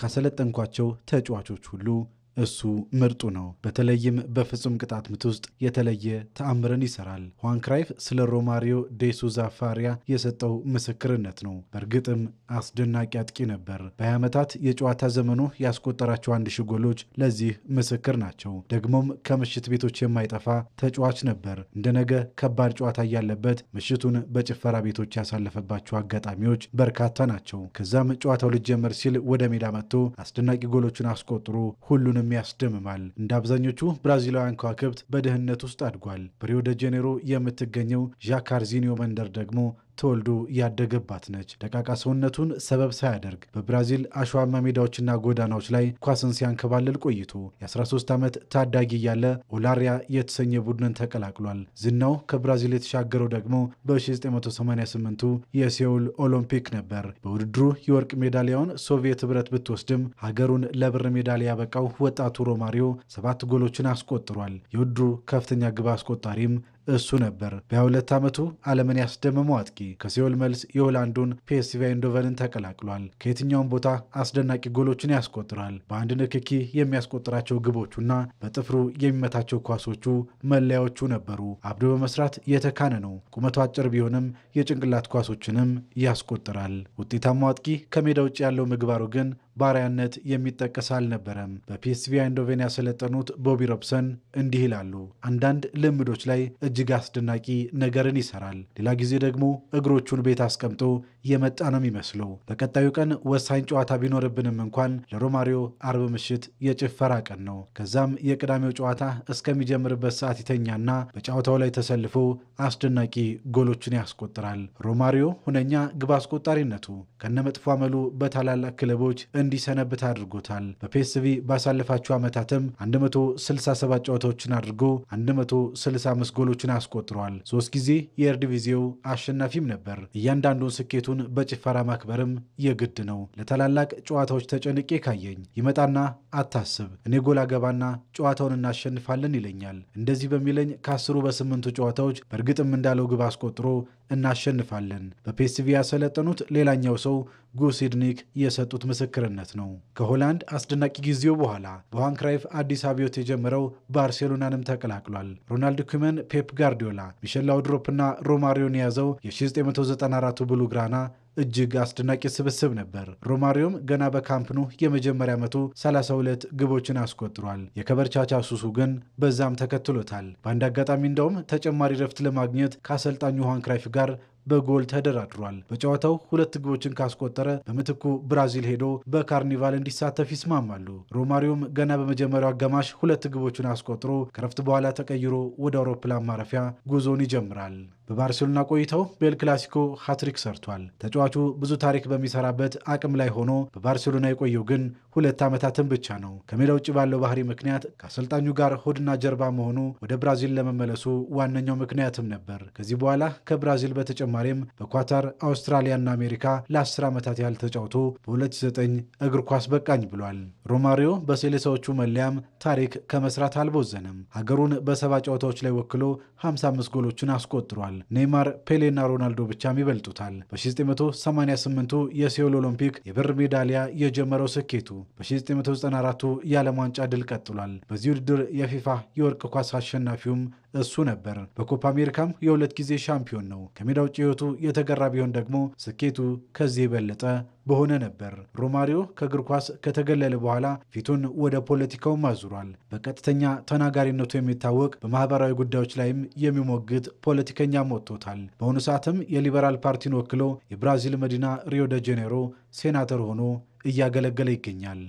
ካሰለጠንኳቸው ተጫዋቾች ሁሉ እሱ ምርጡ ነው። በተለይም በፍጹም ቅጣት ምት ውስጥ የተለየ ተአምረን ይሰራል። ሁዋን ክራይፍ ስለ ሮማሪዮ ዴሱዛ ፋሪያ የሰጠው ምስክርነት ነው። በእርግጥም አስደናቂ አጥቂ ነበር። በ20 ዓመታት የጨዋታ ዘመኑ ያስቆጠራቸው አንድ ሺ ጎሎች ለዚህ ምስክር ናቸው። ደግሞም ከምሽት ቤቶች የማይጠፋ ተጫዋች ነበር። እንደ ነገ ከባድ ጨዋታ እያለበት ምሽቱን በጭፈራ ቤቶች ያሳለፈባቸው አጋጣሚዎች በርካታ ናቸው። ከዛም ጨዋታው ልጀመር ሲል ወደ ሜዳ መጥቶ አስደናቂ ጎሎቹን አስቆጥሮ ሁሉንም የሚያስደምማል። እንደ አብዛኞቹ ብራዚላውያን ከዋክብት በድህነት ውስጥ አድጓል። በሪዮ ደ ጄኔሮ የምትገኘው ዣካርዚኒዮ መንደር ደግሞ ተወልዶ ያደገባት ነች። ደቃቃ ሰውነቱን ሰበብ ሳያደርግ በብራዚል አሸዋማ ሜዳዎችና ጎዳናዎች ላይ ኳስን ሲያንከባልል ቆይቶ የ13 ዓመት ታዳጊ እያለ ኦላሪያ የተሰኘ ቡድንን ተቀላቅሏል። ዝናው ከብራዚል የተሻገረው ደግሞ በ1988ቱ የሴውል ኦሎምፒክ ነበር። በውድድሩ የወርቅ ሜዳሊያውን ሶቪየት ህብረት ብትወስድም ሀገሩን ለብር ሜዳሊያ ያበቃው ወጣቱ ሮማሪዮ ሰባት ጎሎችን አስቆጥሯል። የውድድሩ ከፍተኛ ግብ አስቆጣሪም እሱ ነበር። ዓመቱ ዓለምን ያስደመመው አጥቂ ከሲኦል መልስ የሆላንዱን ፒኤስቪ አይንዶቨንን ተቀላቅሏል። ከየትኛውም ቦታ አስደናቂ ጎሎችን ያስቆጥራል። በአንድ ንክኪ የሚያስቆጥራቸው ግቦቹና በጥፍሩ የሚመታቸው ኳሶቹ መለያዎቹ ነበሩ። አብዶ በመስራት የተካነ ነው። ቁመቱ አጭር ቢሆንም የጭንቅላት ኳሶችንም ያስቆጥራል። ውጤታማው አጥቂ ከሜዳ ውጭ ያለው ምግባሩ ግን ባሪያነት የሚጠቀስ አልነበረም። በፒኤስቪ አይንዶቬን ያሰለጠኑት ቦቢ ሮብሰን እንዲህ ይላሉ። አንዳንድ ልምዶች ላይ እጅግ አስደናቂ ነገርን ይሰራል፣ ሌላ ጊዜ ደግሞ እግሮቹን ቤት አስቀምጦ የመጣ ነው የሚመስለው። በቀጣዩ ቀን ወሳኝ ጨዋታ ቢኖርብንም እንኳን ለሮማሪዮ አርብ ምሽት የጭፈራ ቀን ነው። ከዛም የቅዳሜው ጨዋታ እስከሚጀምርበት ሰዓት ይተኛና በጨዋታው ላይ ተሰልፎ አስደናቂ ጎሎችን ያስቆጥራል። ሮማሪዮ ሁነኛ ግብ አስቆጣሪነቱ ከነመጥፎ አመሉ በታላላቅ ክለቦች እንዲሰነብት አድርጎታል። በፒኤስቪ ባሳለፋቸው ዓመታትም 167 ጨዋታዎችን አድርጎ 165 ጎሎችን አስቆጥሯል። ሶስት ጊዜ የኤርዲቪዚው አሸናፊም ነበር። እያንዳንዱን ስኬቱን በጭፈራ ማክበርም የግድ ነው። ለታላላቅ ጨዋታዎች ተጨንቄ ካየኝ ይመጣና አታስብ፣ እኔ ጎል አገባና ጨዋታውን እናሸንፋለን ይለኛል። እንደዚህ በሚለኝ ከአስሩ በስምንቱ ጨዋታዎች በእርግጥም እንዳለው ግብ አስቆጥሮ እናሸንፋለን። በፔስቪ ያሰለጠኑት ሌላኛው ሰው ጉሲድኒክ የሰጡት ምስክርነት ነው። ከሆላንድ አስደናቂ ጊዜው በኋላ ቦሃን ክራይፍ አዲስ አብዮት የጀመረው ባርሴሎናንም ተቀላቅሏል። ሮናልድ ኩመን፣ ፔፕ ጋርዲዮላ፣ ሚሸል ላውድሮፕና ሮማሪዮን የያዘው የ1994 ብሉ ግራና እጅግ አስደናቂ ስብስብ ነበር። ሮማሪዮም ገና በካምፕኑ የመጀመሪያ ዓመቱ 32 ግቦችን አስቆጥሯል። የከበርቻቻ ሱሱ ግን በዛም ተከትሎታል። በአንድ አጋጣሚ እንደውም ተጨማሪ ረፍት ለማግኘት ከአሰልጣኝ ዮሐን ክራይፍ ጋር በጎል ተደራድሯል። በጨዋታው ሁለት ግቦችን ካስቆጠረ በምትኩ ብራዚል ሄዶ በካርኒቫል እንዲሳተፍ ይስማማሉ። ሮማሪዮም ገና በመጀመሪያው አጋማሽ ሁለት ግቦቹን አስቆጥሮ ከረፍት በኋላ ተቀይሮ ወደ አውሮፕላን ማረፊያ ጉዞውን ይጀምራል። በባርሴሎና ቆይታው ቤል ክላሲኮ ሀትሪክ ሰርቷል። ተጫዋቹ ብዙ ታሪክ በሚሰራበት አቅም ላይ ሆኖ በባርሴሎና የቆየው ግን ሁለት ዓመታትን ብቻ ነው። ከሜዳ ውጭ ባለው ባህሪ ምክንያት ከአሰልጣኙ ጋር ሆድና ጀርባ መሆኑ ወደ ብራዚል ለመመለሱ ዋነኛው ምክንያትም ነበር። ከዚህ በኋላ ከብራዚል በተጨማ በተጨማሪም በኳታር አውስትራሊያና አሜሪካ ለ10 ዓመታት ያህል ተጫውቶ በ2009 እግር ኳስ በቃኝ ብሏል። ሮማሪዮ በሴሌሳዎቹ መለያም ታሪክ ከመስራት አልቦዘንም። ሀገሩን በሰባ ጨዋታዎች ላይ ወክሎ 55 ጎሎችን አስቆጥሯል። ኔይማር፣ ፔሌና ሮናልዶ ብቻም ይበልጡታል። በ1988ቱ የሴውል ኦሎምፒክ የብር ሜዳሊያ የጀመረው ስኬቱ በ1994ቱ የዓለም ዋንጫ ድል ቀጥሏል። በዚህ ውድድር የፊፋ የወርቅ ኳስ አሸናፊውም እሱ ነበር። በኮፓ አሜሪካም የሁለት ጊዜ ሻምፒዮን ነው። ከሜዳ ውጭ ሕይወቱ የተገራ ቢሆን ደግሞ ስኬቱ ከዚህ የበለጠ በሆነ ነበር። ሮማሪዮ ከእግር ኳስ ከተገለለ በኋላ ፊቱን ወደ ፖለቲካውም አዙሯል። በቀጥተኛ ተናጋሪነቱ የሚታወቅ በማህበራዊ ጉዳዮች ላይም የሚሞግት ፖለቲከኛ ሞጥቶታል። በአሁኑ ሰዓትም የሊበራል ፓርቲን ወክሎ የብራዚል መዲና ሪዮ ደ ጄኔሮ ሴናተር ሆኖ እያገለገለ ይገኛል።